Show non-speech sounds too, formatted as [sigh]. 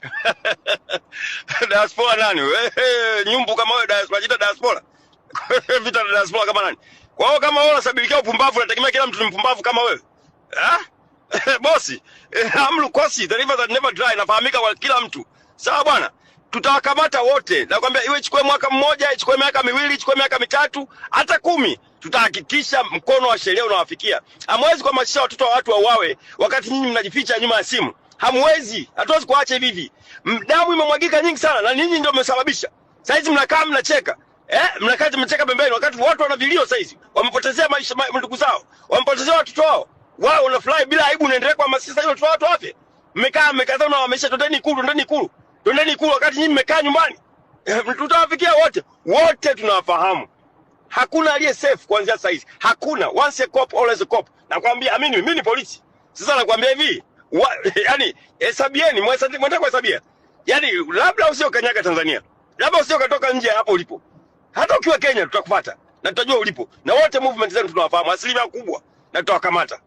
[laughs] diaspora nani? Hey, nyumbu kama wewe unajiita diaspora [laughs] vita na diaspora kama nani? Kwa hiyo kama wewe unasabilikia upumbavu, unategemea kila mtu ni mpumbavu kama wewe eh? [laughs] Bosi, kosi, the river that never dry, nafahamika kwa kila mtu. Sawa bwana, tutawakamata wote. Nakwambia iwe ichukue mwaka mmoja, ichukue miaka miwili, ichukue miaka mitatu, hata kumi, tutahakikisha mkono wa sheria unawafikia. Hamwezi kuhamasisha watoto wa watu wauawe wakati nyinyi mnajificha nyuma ya simu. Hamwezi, hatuwezi kuacha hivi hivi. Damu imemwagika nyingi sana na ninyi ndio mmesababisha. Sasa hizi mnakaa mnacheka. Eh, mnakaa mnacheka pembeni wakati watu wana vilio Sasa hizi Wamepotezea maisha ma, ndugu zao. Wamepotezea watoto wao. Wao wanafurahi bila aibu unaendelea kwa masisa hiyo watu wafe. Mmekaa mmekazana na wamesha tondeni ikulu, tondeni ikulu. Tondeni ikulu wakati nyinyi mmekaa nyumbani. Eh, tutawafikia wote. Wote tunawafahamu. Hakuna aliye safe kuanzia sasa hizi, Hakuna. Once a cop always a cop. Nakwambia amini mimi ni polisi. Sasa nakwambia hivi, wa, yani hesabieni, mwendea kuhesabia, yani labda usio kanyaga Tanzania, labda usio katoka nje ya hapo ulipo. Hata ukiwa Kenya tutakupata na tutajua ulipo, na wote movement zenu tunawafahamu asilimia kubwa, na tutawakamata.